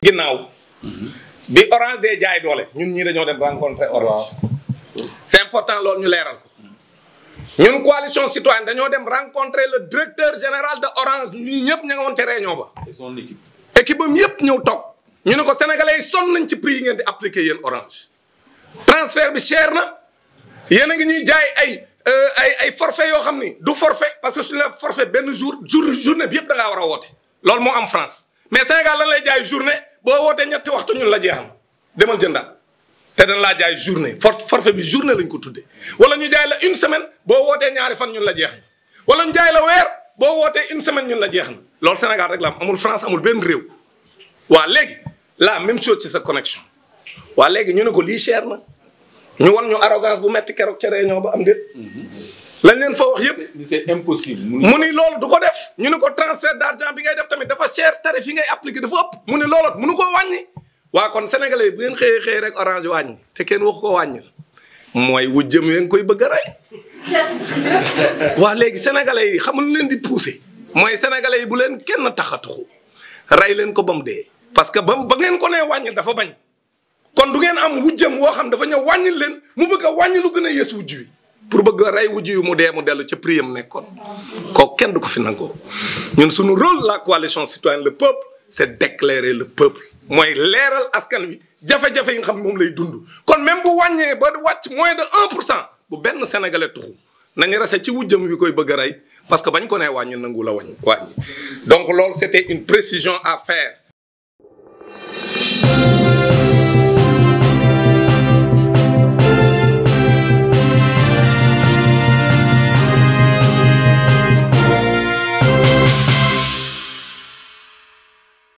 ginnaaw bi orange dee jaay doole ñun ñii dañoo dem rencontrer orange c'est important loolu ñu leeral ko ñun coalition citoyenne dañoo dem rencontrer le directeur général de orange ñun ñëpp ña nga woon ca réunion ba équipe bam yëpp ñëw toog ñu ne ko sénégalais yi nañ ci prix yi ngeen di appliquer yéen orange transfert bi cher na yéen a ngi ñuy jaay ay euh, ay ay forfait yoo xam ni du forfait parce que suñu la forfait benn jour jour journée bi yëpp da war a woote am France mais Sénégal lan boo wootee ñetti waxtu ñun la jeexam demal jëndaat te dañ laa jaay journée for forfait bi journée lañ ko tuddee wala ñu jaay la une semaine boo wootee ñaari fan ñun la jeex na wala ñu jaay la weer boo wootee une semaine ñun la jeex na loolu Sénégal rek laam amul France amul benn réew waa léegi la même chose ci sa connexion waa léegi ñu ne ko lii cher na ñu wan ñu arrogance bu metti keroog ca réunion ba am déet mhm. lañ leen fa wax yëpp c'est impossible. mu ni loolu du ko def. ñu ne ko transfert d'argent bi ngay def tamit dafa cher tarif yi ngay appliqué dafa ëpp. mu ni loolu mënu ko wàññi. waa kon sénégalais bu ngeen xëyee xëyee rek orange te kenn waxu ko wàññil mooy wu jëm yéen koy bëgg a waa léegi sénégalais yi xamul leen di poussé. mooy sénégalais yi bu leen kenn tax a tuxu rey leen ko ba mu dee. parce que ba ba ngeen ko nee wàññil dafa bañ. kon du ngeen am wujjam woo xam dafa ñëw wàññil leen mu bëgg a wàññi lu gën a yées wujj wi pour bëgg a rey wujj yu mu dee mu dellu ca priyam nekkoon kooku kenn du ko fi nangoo ñun suñu rôle la coalition citoyenne le peuple c'est d'éclairer le peuple mooy leeral askan wi jafe-jafe yi nga xam moom lay dund kon même bu wàññee ba wàcc moins de un pour cent bu benn sénégalais tuxu nañu rase ci wujjam wi koy bëgg rey parce que bañ ko nee wàññi nangu la wàññi wàññi donc loolu c'était une précision à faire